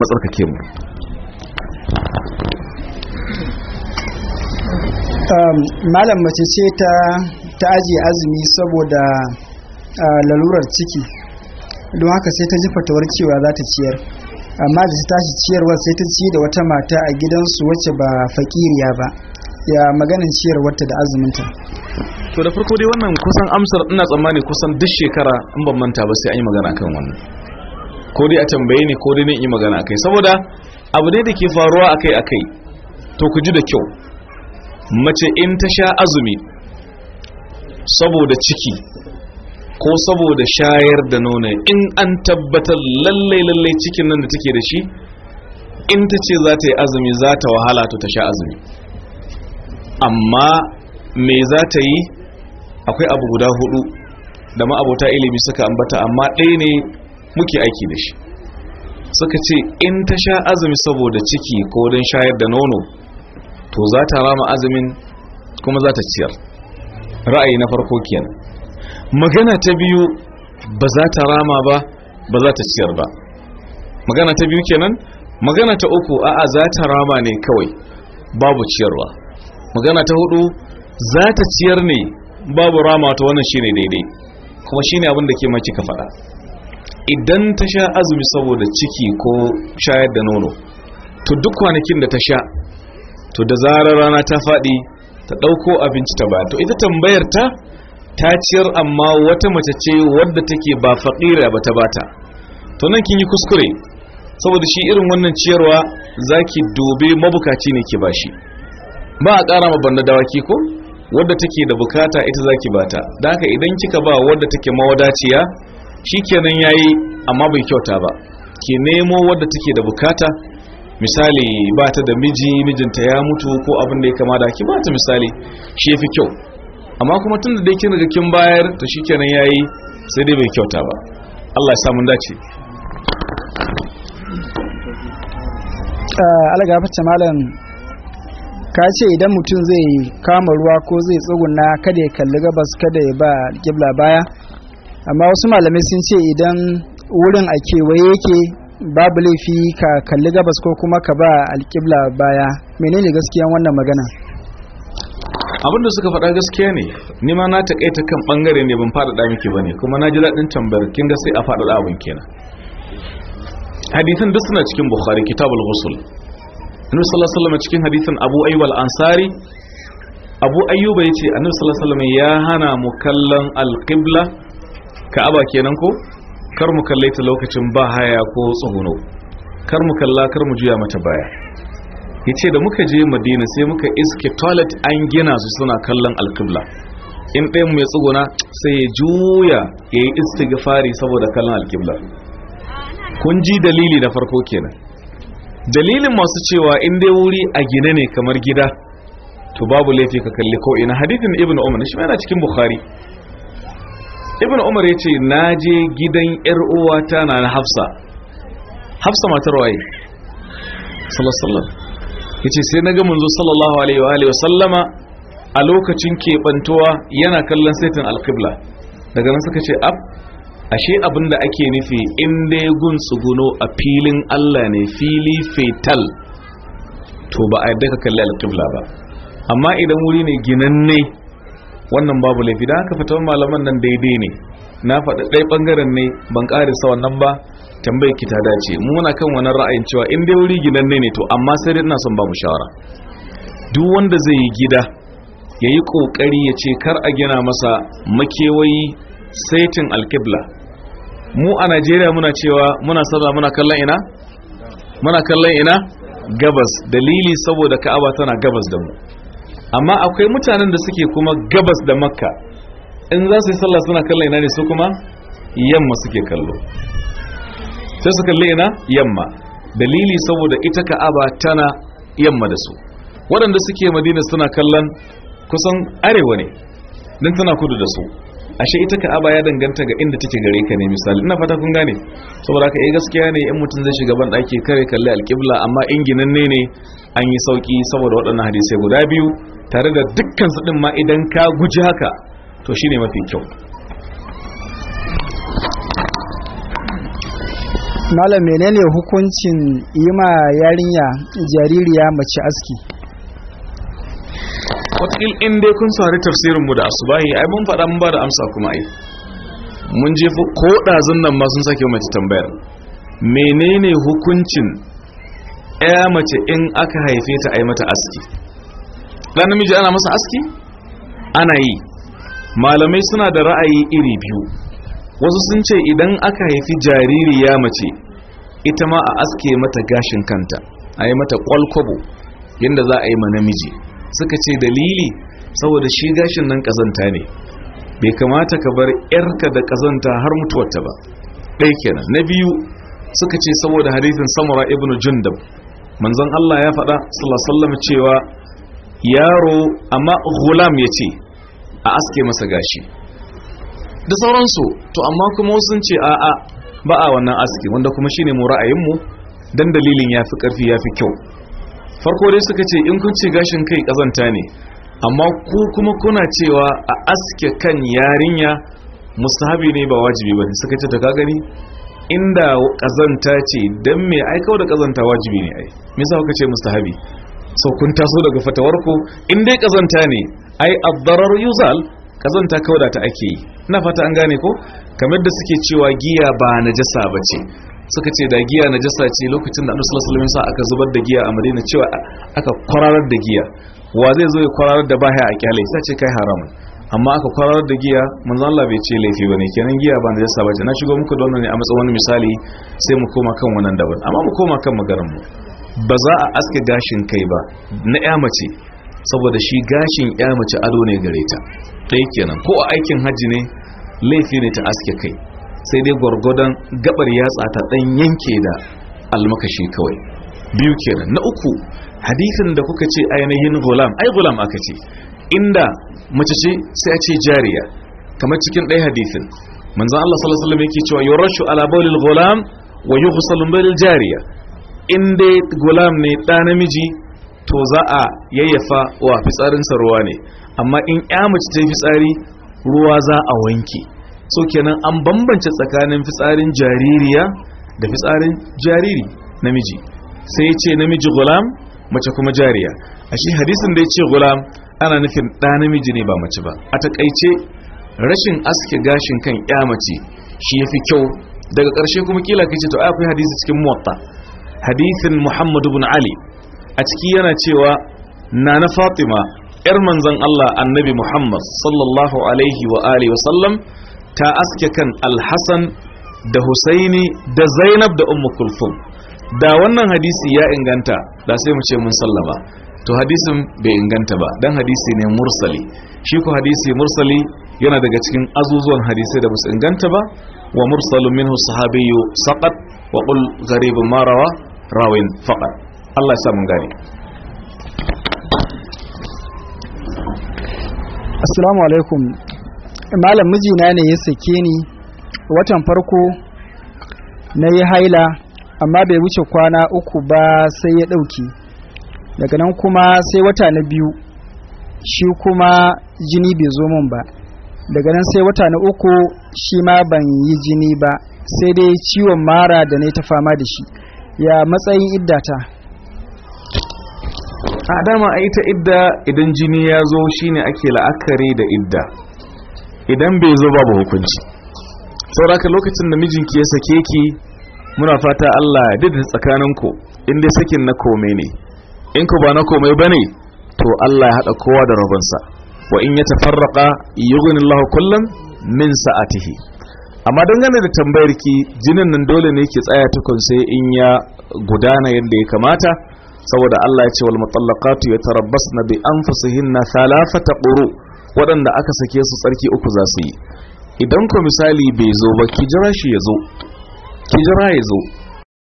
matsarkake mu um, malam mace ce ta ta ajiye azumi saboda uh, lalurar ciki don haka sai ta ji fatawar cewa za ta ciyar amma da ta tashi ciyarwar sai ta ci da wata mata a gidansu wacce ba fakiriya ba ya maganin ciyarwarta da azuminta to da farko dai wannan kusan amsar ina tsammani kusan duk shekara in ban manta ba sai an yi magana kan wannan ko dai a tambaye ni ko dai yi magana akai saboda abu ne da ke faruwa akai akai to ku ji da kyau mace in ta sha azumi saboda ciki ko saboda shayar da nono in an tabbatar lallai lallai cikin nan da take da shi in ta ce za ta yi azumi za ta wahala to ta sha azumi amma me za ta yi akwai abu guda hudu da ma'abota ilimi suka ambata amma ɗaya ne muke aiki da shi suka ce in ta sha azumi saboda ciki ko don shayar da nono to za ta rama azumin kuma za ta ciyar ra'ayi na farko kenan magana ta biyu ba za ta rama ba ba za ta ciyar ba magana ta biyu kenan magana ta uku a'a za ta rama ne kawai babu ciyarwa magana ta hudu za ta ciyar ne babu rama ta wannan shine daidai kuma shine abin da ke mace ka faɗa idan ta sha azumi saboda ciki ko shayar da nono to duk kwanakin da ta sha to da zarar rana ta faɗi ta ɗauko abinci ta baya to ita tambayar ta ta ciyar amma wata mace ce wadda take ba faƙira ba ta bata to nan kin yi kuskure saboda shi irin wannan ciyarwa zaki dobe mabukaci ne ke bashi ba a ƙara ma banda dawaki ko wadda take da bukata ita zaki bata da haka idan kika ba wadda take mawadaciya shikenan yayi amma bai kyauta ba ke nemo wadda take da bukata misali ba ta da miji mijinta ya mutu ko abin da ya kama da ki ba ta misali shi ya fi kyau amma kuma tun da dai kin riga kin bayar to shikenan yayi sai dai bai kyauta ba Allah ya sa mun dace eh, alaga fice malam ka ce idan mutum zai kama ruwa ko zai tsuguna kada ya kalli gabas kada ya ba kibla baya amma wasu malamai sun ce idan wurin a kewaye yake babu laifi ka kalli gabas ko kuma ka ba alƙibla baya menene gaskiyan wannan magana abin da suka faɗa gaskiya ne ni ma na taƙaita kan ɓangare ne ban faɗaɗa miki ba ne kuma na ji daɗin tambayar kin ga sai a faɗaɗa abin kenan hadithan duk suna cikin bukhari kitabul ghusl annabi sallallahu alaihi wasallam cikin hadithan abu ayyub al-ansari abu ayyuba yace ce annabi sallallahu alaihi wasallam ya hana mu kallon alqibla Aba kenan ko kar mu kalle ta lokacin ba haya ko tsuguno kar mu kalla kar mu juya mata baya yace da muka je madina sai muka iske toilet an gina su suna kallon alkibla in ɗayan mu ya tsuguna sai ya juya ya yi istighfari saboda kallon alkibla kun ji dalili na farko kenan dalilin masu cewa in dai wuri a gine ne kamar gida to babu laifi ka kalli ko ina hadithin ibnu umar shi yana cikin bukhari ibn umar ya ce na je gidan yar uwata na na hafsa hafsa matar waye sallallahu ya ce sai na ga manzo sallallahu alaihi wa sallama a lokacin keɓantuwa yana kallon saitin alƙibla daga nan suka ce ab ashe abin ake nufi in dai gun tsuguno a filin allah ne fili fetal to ba a yadda ka kalli alƙibla ba amma idan wuri ne ginanne wannan babu laifi da haka fatawan malaman nan daidai ne na faɗi ɗaya ɓangaren ne ban ƙarisa wannan ba tambayi ki ta dace mu muna kan wani ra'ayin cewa in dai wuri gidan ne to amma sai dai ina son babu shawara duk wanda zai yi gida ya yi ƙoƙari ya ce kar a gina masa makewayi saitin alkibla mu a najeriya muna cewa muna sallah muna kallon ina muna kallon ina gabas dalili saboda ka'aba tana gabas da mu amma akwai mutanen da suke kuma gabas da makka in za su yi sallah suna kallon ina ne su kuma yamma suke kallo sai su kalli ina yamma dalili saboda ita ka'aba tana yamma da su waɗanda suke madina suna kallon kusan arewa ne don tana kudu da su ashe ita ka'aba ya danganta ga inda take gare ka ne misali ina fata kun gane saboda ka eh gaskiya ne in mutum zai shiga ban daki kare kalle alqibla amma in ginanne ne an yi sauki saboda waɗannan hadisai guda biyu tare da dukkan su din ma idan ka guji haka to shine mafi kyau malam menene hukuncin yi ma yarinya jaririya mace aski watakil in dai kun sari tafsirinmu da asubahi ai mun faɗa mun ba amsa kuma ai mun je ko ɗazun nan ma sun sake mace tambayar menene hukuncin ya mace in aka haife ta ai mata aski ɗan namiji ana masa aski ana yi malamai suna da ra'ayi iri biyu wasu sun ce idan aka haifi jariri ya mace ita ma a aske mata gashin kanta ai mata kwalkwabo yadda za a yi ma namiji suka ce dalili saboda shi gashin nan kazanta ne bai kamata ka bar yarka da kazanta har mutuwarta ba ɗaya kenan na biyu suka ce saboda hadisin samura ibn jundab manzon Allah ya faɗa sallallahu cewa yaro amma Gulam ya ce a aske masa gashi da sauransu to amma kuma sun ce a a ba a wannan aski wanda kuma shine mu ra'ayin mu dan dalilin yafi karfi yafi kyau farko dai suka ce in kun ce gashin kai kazanta ne amma ku kuma kuna cewa a aske kan yarinya mustahabi ne ba wajibi ba suka ce ta gani inda kazanta ce dan me ai da kazanta wajibi ne ai me kuka ce mustahabi so kun taso daga fatawar ku in dai kazanta ne ai abdarar yuzal kazanta da ta ake yi ina fata an gane ko kamar da suke cewa giya ba na najasa bace suka ce da giya na najasa ce lokacin da annabi sallallahu alaihi wasallam aka zubar da giya a Madina cewa aka kwararar da giya wa zai zo ya kwararar da baya a kyale sai ce kai haramun amma aka kwararar da giya manzo Allah bai ce laifi bane kenan giya ba najasa bace na shigo muku da wannan a matsayin misali sai mu koma kan wannan daban amma mu koma kan magaran mu ba za a aske gashin kai ba na ya mace saboda shi gashin ya mace ado ne gare ta ɗaya kenan ko a aikin hajji ne laifi ne ta aske kai sai dai gwargwadon gabar yatsa ta dan yanke da almakashi kawai biyu kenan na uku hadisin da kuka ce ainihin gulam ai gulam aka ce inda mace ce sai a ce jariya kamar cikin ɗaya hadisin manzon Allah sallallahu alaihi wasallam yake cewa yurashu ala bawlil gulam wa yughsalu bil jariya in dai gulam ne ɗa namiji to za a yayyafa wa fitsarinsa ruwa ne amma in ya mace ta yi fitsari ruwa za a wanke so kenan an bambance tsakanin fitsarin jaririya da fitsarin jariri namiji sai ya ce namiji gulam mace kuma jariya a shi hadisin da ya ce gulam ana nufin ɗa namiji ne ba mace ba a takaice rashin aske gashin kan ya mace shi ya fi kyau daga ƙarshe kuma kila kai ce to akwai hadisi cikin muwatta hadisin muhammadu bin ali a ciki yana cewa na na fatima yar manzon allah annabi muhammad sallallahu alaihi wa alihi wa sallam ta aske kan alhassan da husaini da zainab da ummu kulfum da wannan hadisi ya inganta da sai mu ce mun sallama to hadisin bai inganta ba dan hadisi ne mursali shi ko hadisi mursali yana daga cikin azuzuwan hadisai da basu inganta ba wa mursalu minhu sahabiyyu saqat wa qul gharibun ma rawa rawin faqat Allah ya sa mun gane assalamu alaikum malam mijina ne ya sake ni watan farko na yi haila amma bai wuce kwana uku ba sai ya ɗauki daga nan kuma sai wata na biyu shi kuma jini bai zo min ba daga nan sai wata na uku shi ma ban yi jini ba sai dai ciwon mara da na ta fama da shi ya matsayin iddata a dama a ita idda idan jini ya zo shine ake la'akari da idda idan bai zo babu hukunci sauraka lokacin da mijinki ya sake ki muna fata Allah ya daidaita tsakaninku in dai sakin na komai ne in ku ba na komai bane to Allah ya haɗa kowa da rabonsa wa in ya yughni Allah kullam min sa'atihi amma dangane da tambayar ki jinin nan dole ne ki tsaya tukun sai in ya gudana yadda ya kamata saboda Allah ya ce wal mutallaqatu yatarabbasna bi anfusihinna thalathata quru' waɗanda aka sake su tsarki uku za su yi idan ku misali bai zo ba ki jira shi ya zo ki jira ya zo